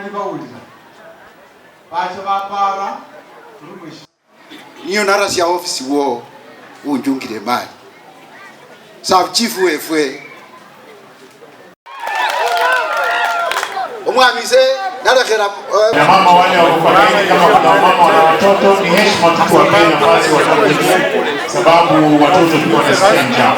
bamali bawulira baca niyo ofisi wo unjungire mali safu chifu wefwe umwamize narakhera eh, mama wale wakufarani kama kuna mama wana watoto ni heshima tu kuwapea nafasi watoto sababu watoto pia wanasikia njaa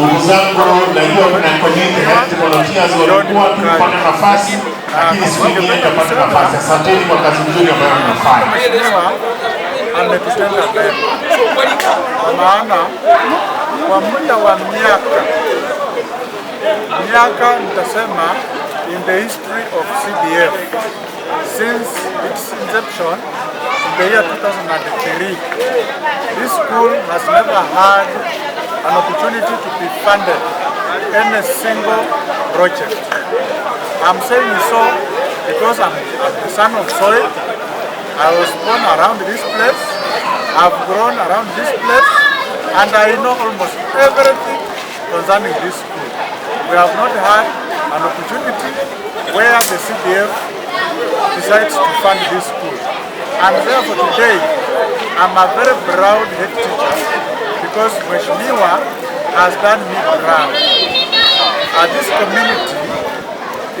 Ndugu zangu, najua kuna Connect Health Volunteers walikuwa nafasi, lakini siku hii nitapata nafasi. Asanteni kwa kazi nzuri ambayo mnafanya, ametutenda mema, maana kwa muda wa miaka miaka nitasema in the history of CDF since its inception in the year 2003 this school has never had an opportunity to be funded in a single project. I'm saying so because I'm, I'm the son of soil. I was born around this place. I've grown around this place. And I know almost everything concerning this school. We have not had an opportunity where the CDF decides to fund this school. And therefore today, I'm a very proud head teacher because Weshmiwa has done me proud. And uh, this community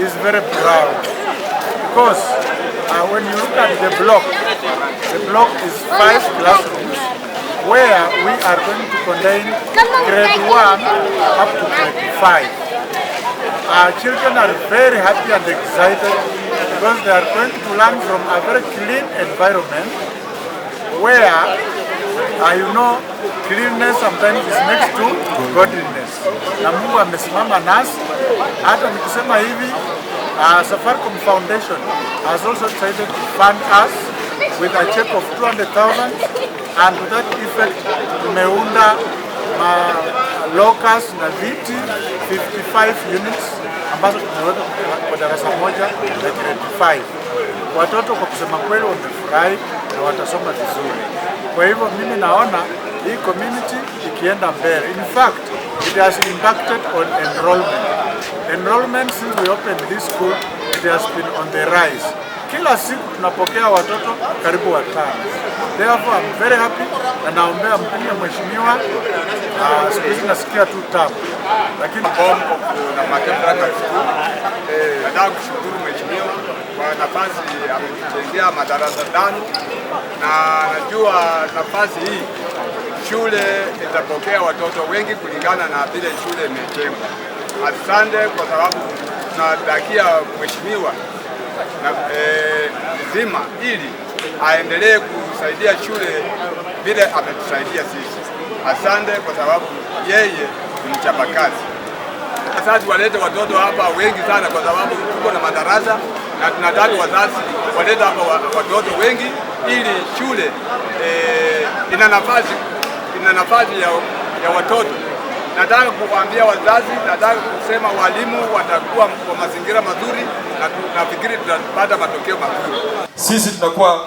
is very proud because uh, when you look at the block, the block is five classrooms where we are going to contain grade 1 up to grade 5. Our children are very happy and excited because they are going to learn from a very clean environment where Uh, you know, cleanliness sometimes is next to godliness. Na Mungu amesimama nasi. Hata nikisema hivi, uh, Safaricom Foundation has also decided to fund us with a check of 200,000 and to that effect tumeunda uh, locus na viti 55 units ambazo tumeweka kwa darasa moja na grade 5. Watoto kwa kusema kweli wamefurahi na watasoma vizuri. Kwa hivyo mimi naona hii community ikienda mbele. In fact, it has impacted on enrollment. Enrollment since we opened this school, it has been on the rise. Kila siku tunapokea watoto karibu watano. Therefore, I'm very happy na naombea mpinge mheshimiwa. Uh, siku hizi nasikia tu tabu, lakini kwa nafasi ametujengea madarasa tano, na najua nafasi hii shule itapokea watoto wengi kulingana na vile shule imejengwa. Asante kwa sababu tunatakia mheshimiwa na mzima e, ili aendelee kusaidia shule vile ametusaidia sisi. Asante kwa sababu yeye ni mchapakazi. Sasa walete watoto hapa wengi sana, kwa sababu tuko na madarasa na tunataka wazazi waleta hapa watoto wengi ili shule e, ina nafasi ina nafasi ya, ya watoto. Nataka kuwaambia wazazi, nataka kusema walimu watakuwa kwa mazingira mazuri, na nafikiri tutapata matokeo mazuri. Sisi tunakuwa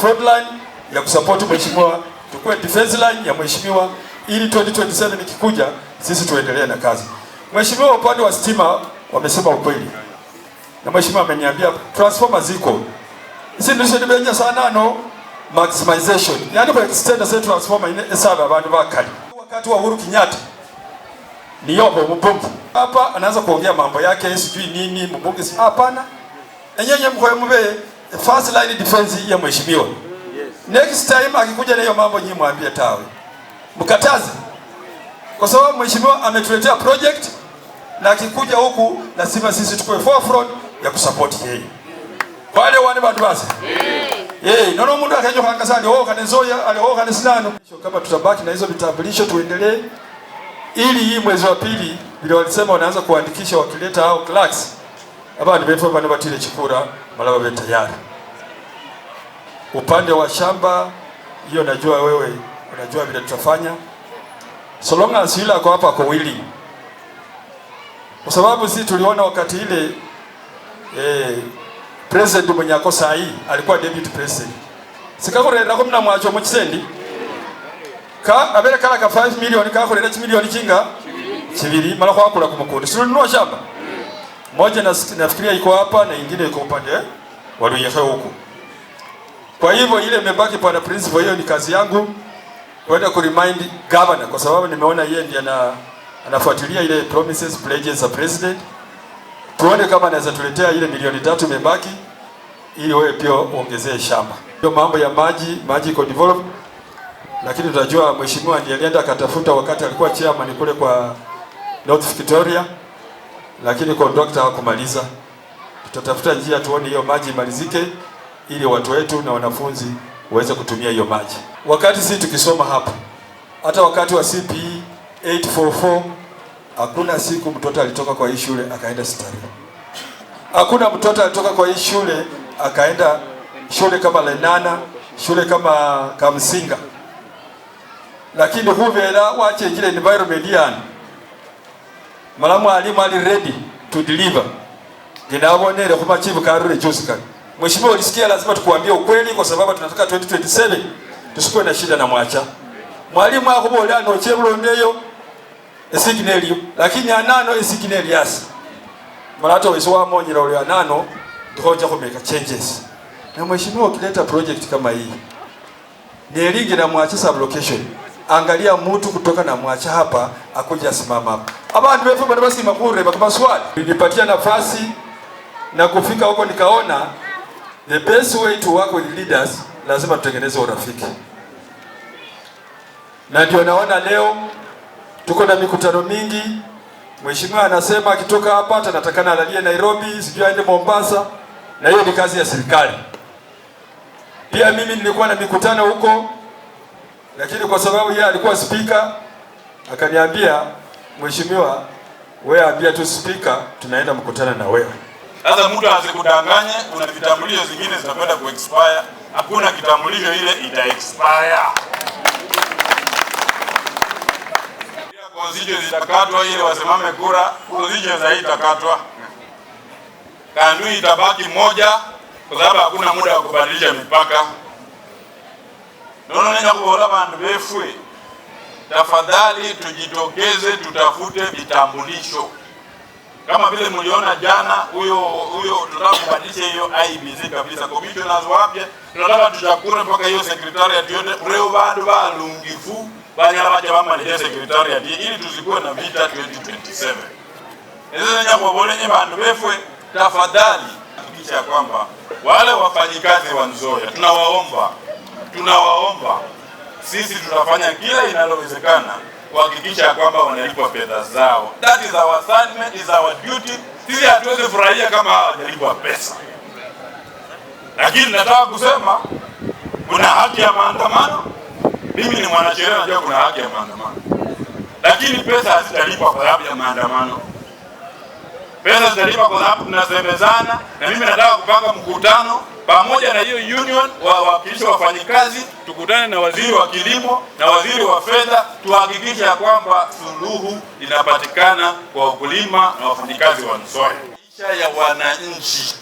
front line ya kusapoti mheshimiwa, tukuwe defense line ya mheshimiwa ili 2027 ikikuja, sisi tuendelee na kazi. Mheshimiwa, upande wa stima wamesema ukweli na mheshimiwa ameniambia transformer ziko sisi ndio sana no maximization yani kwa extend se transformer ine hesabu abantu bakali wakati wa Uhuru Kenyatta yobo mbumbu hapa anaanza kuongea mambo yake sijui nini mbunge si hapana enyenye mkoe mbe first line defense ya mheshimiwa next time akikuja na hiyo mambo nyinyi mwambie tawe mkataze kwa sababu mheshimiwa ametuletea project na akikuja huku lazima sisi tukoe forefront ya yakusapoti yeye bale wani bantu basi Hey, nono mtu mundu oh kana zoya nezoya oh kana sinano. Kama tutabaki na hizo vitambulisho tuendelee ili hii mwezi wa pili vile walisema wanaanza kuandikisha wakileta au clerks. hapa Abantu betu bana batile chikura mara be tayari. Upande wa shamba hiyo najua wewe unajua vile tutafanya. So long as yule ako hapa kwa wili. Kwa sababu sisi tuliona wakati ile eh president mwenye akosa hii alikuwa deputy president sikakorera ko mna mwacho mu ka abere kala ka 5 million ka korera 1 milioni kinga kibiri mara kwa kula kumukundi sio nunua shamba moja na nafikiria iko hapa na ingine iko upande walioyefa huku kwa hivyo ile imebaki pana principal hiyo ni kazi yangu kwenda ku remind governor kwa sababu nimeona yeye ndiye ana anafuatilia ile promises pledges za president tuone kama anaweza tuletea ile milioni tatu imebaki, ili wewe pia uongezee shamba. Hiyo mambo ya maji maji iko develop, lakini tunajua mheshimiwa ndiye alienda akatafuta wakati alikuwa chairman kule kwa North Victoria, lakini kondakta hakumaliza. Tutatafuta njia tuone hiyo maji imalizike, ili watu wetu na wanafunzi waweze kutumia hiyo maji. Wakati sisi tukisoma hapa, hata wakati wa CPE 844 Hakuna siku mtoto alitoka kwa hii shule akaenda starehe. Hakuna mtoto alitoka kwa hii shule akaenda shule kama Lenana, shule kama Kamsinga. Lakini huvera wache ile environment yani. Malamu alimu ali ready to deliver. Ninaonele kwa chivu karure Josika. Mheshimiwa, ulisikia lazima tukuambie ukweli kwa sababu tunataka 2027 tusikuwe na shida na mwacha. Mwalimu akubola no ndio esikineli lakini anano esikineli yasi marato wezi wa monyera ule anano ndoja ku changes na mheshimiwa, ukileta project kama hii nilingi na mwacha sublocation, angalia mtu kutoka na mwacha hapa akuja simama hapa abantu wetu bwana basi makure bakama swali nilipatia nafasi na kufika huko nikaona the best way to work with leaders lazima tutengeneze urafiki, na ndio naona leo tuko na mikutano mingi. Mheshimiwa anasema akitoka hapa atatakana alalie Nairobi, sijui aende Mombasa, na hiyo ni kazi ya serikali. Pia mimi nilikuwa na mikutano huko, lakini kwa sababu yeye alikuwa spika, akaniambia mheshimiwa, wewe ambia tu spika tunaenda mkutana na wewe. Sasa mtu asikudanganye, kuna vitambulisho zingine zinakwenda kuexpire. Hakuna kitambulisho ile ita expire. zije zitakatwa ili wasimame kura, zije za itakatwa, Kandu itabaki moja, kwa sababu hakuna muda wa kubadilisha mipaka nono nenda kuvola vandu vefwe, tafadhali tujitokeze, tutafute vitambulisho kama vile mliona jana, huyo huyo tunataka kubadilisha hiyo IBC kabisa, commissioners wapya tunataka tuchakure mpaka hiyo secretariat yote reo vandu valungifu bali hapa chabamanija sekretariat ili tuzikuwe na vita 2027 ezeza bandu befwe tafadhali kisha ya kwamba wale wafanyikazi wa Nzoia tunawaomba tunawaomba sisi tutafanya kila inalowezekana kuhakikisha kwamba wanalipwa pesa zao. That is our assignment, is our duty. Sisi hatuwezi furahia kama hawajalipwa pesa, lakini nataka kusema kuna haki ya maandamano. Mimi ni mwanasheria, najua kuna haki ya maandamano, lakini pesa hazitalipwa kwa sababu ya maandamano. Pesa zitalipwa kwa sababu tunasemezana, na mimi nataka kupanga mkutano pamoja na hiyo union wa wawakilishi wafanyikazi, tukutane na waziri wa kilimo na waziri wa fedha, tuhakikishe ya kwamba suluhu inapatikana kwa wakulima na wafanyikazi wa Nsowe, maisha ya wananchi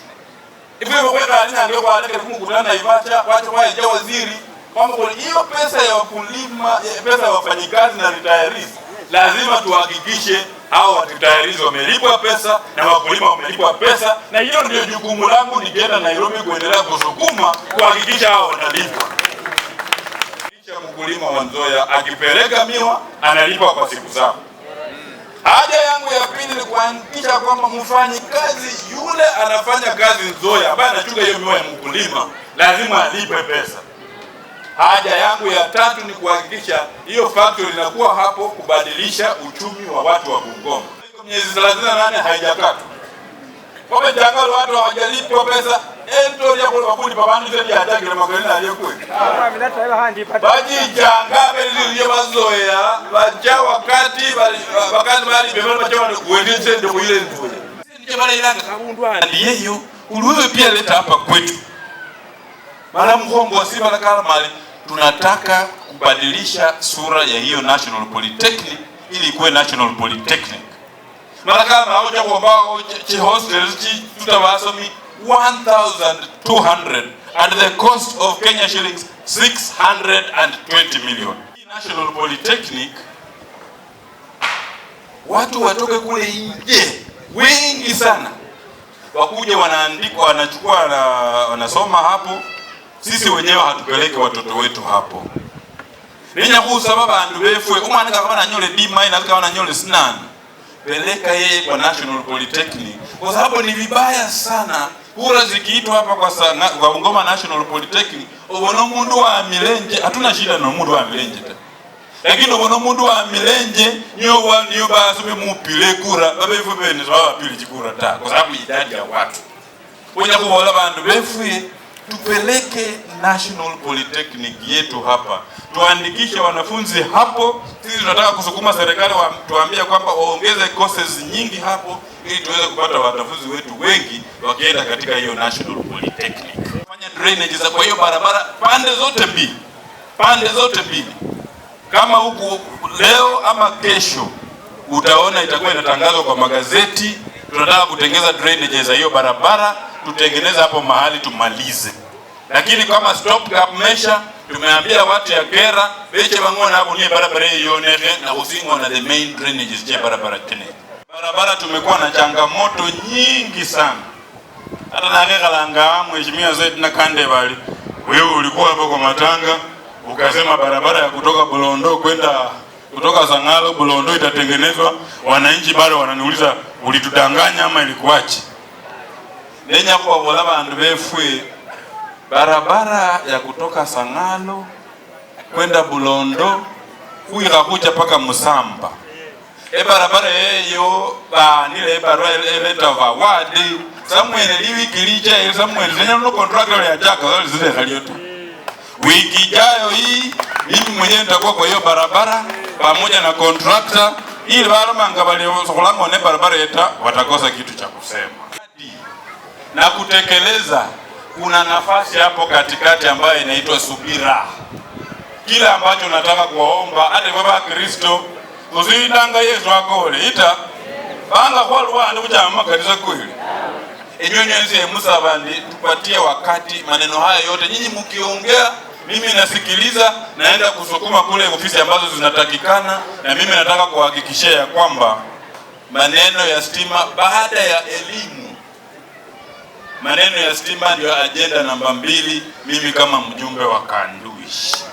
hivyo hivyo. Kwa nini ndio kwa leo mkutano na Ivacha wacha waje waziri kwamba hiyo pesa ya wakulima, pesa ya wafanyikazi na retirees lazima tuhakikishe hao retirees wamelipwa pesa na wakulima wamelipwa pesa, na hiyo ndio jukumu langu nikienda Nairobi kuendelea kusukuma kuhakikisha hao wanalipwa. Mkulima wa Nzoia akipeleka miwa analipwa kwa siku zao. Haja yangu ya pili ni kuhakikisha kwamba mfanyi kazi yule anafanya kazi Nzoia ambaye anachunga hiyo miwa ya mkulima lazima alipe pesa. Haja yangu ya tatu ni kuhakikisha hiyo factory inakuwa hapo kubadilisha uchumi wa watu wa Bungoma. Miezi 38 haijakatwa kwamba jangalo watu hawajalipwa pesa ento ya kwa kundi na entolyakulwakundi pavanuvevyatakilemakwena aliyekuli vajijanga ya mazoea, vaja wakati wakati bema macho ndio vakati valivemavachawanikuwendisende kuile kabundwa. valailanga kavundwandiyeyo uliwewe pia leta hapa kwetu mara mkongo na sivalakala mali tunataka kubadilisha sura ya hiyo National Polytechnic ili kuwe National Polytechnic nataka nao chi chi tutawasomi 1200 at the cost of Kenya shillings 620 million. National Polytechnic watu watoke kule nje wengi sana wakuja wanaandikwa wanachukua wanasoma hapo sisi wenyewe hatupeleke watoto wetu hapo ninya khusaba bandu befwe umwana kakaba nanyole d minus kakaba nanyole sinani peleka yeye kwa National Polytechnic kwa sababu ni vibaya sana kura zikiitwa hapa kwa sana, kwa Ngoma National Polytechnic obona mundu wa milenje hatuna shida na mundu wa milenje ta lakini obona mundu wa milenje nyo wa niyo basome mupile kura babefwe bene sababa pili chikura ta kwa sababu idadi ya watu kunya kubola bandu befwe tupeleke National Polytechnic yetu hapa, tuandikishe wanafunzi hapo. Sisi tunataka kusukuma serikali wa, tuambia kwamba waongeze courses nyingi hapo, ili tuweze kupata wanafunzi wetu wengi wakienda katika hiyo National Polytechnic. Fanya drainage za kwa hiyo barabara pande zote mbili, pande zote mbili, kama huku leo ama kesho, utaona itakuwa inatangazwa kwa magazeti. Tunataka kutengeza drainage za hiyo barabara tutengeneze hapo mahali tumalize. Lakini kama stop gap measure tumeambia watu ya kera beche bangona hapo ni barabara hiyo yoneke na usingo na the main drainage je barabara kene. Barabara tumekuwa na changamoto nyingi sana. Hata na ngekalanga mheshimiwa zetu na kande bali. Wewe ulikuwa hapo kwa matanga ukasema barabara ya kutoka Bulondo kwenda kutoka Sangalo Bulondo itatengenezwa. Wananchi bado wananiuliza ulitudanganya ama ilikuwaje? nenya kuwavola bandu befwe barabara ya kutoka Sang'alo kwenda Bulondo kuika kuja paka Musamba e barabara yeyo baanile ebarua eleta vawadi samwene liwikilija iyo samwene lenyala nokontrakelo yajaka zile haliota wiki jayo hii mimi mwenyewe nitakuwa kwa hiyo barabara pamoja na contractor ili valamanga ne barabara yeta watakosa kitu cha kusema na kutekeleza, kuna nafasi hapo katikati ambayo inaitwa subira. Kila ambacho nataka kuwaomba hata baba Kristo kuzindanga Yesu akole ita banga khwaluwande muchama kanisa kweli inyonyeze musabandi tupatie wakati maneno haya yote nyinyi mkiongea mimi nasikiliza, naenda kusukuma kule ofisi ambazo zinatakikana, na mimi nataka kuhakikishia ya kwamba maneno ya stima baada ya elimu Maneno ya stima ndio ajenda namba mbili, mimi kama mjumbe wa Kanduyi.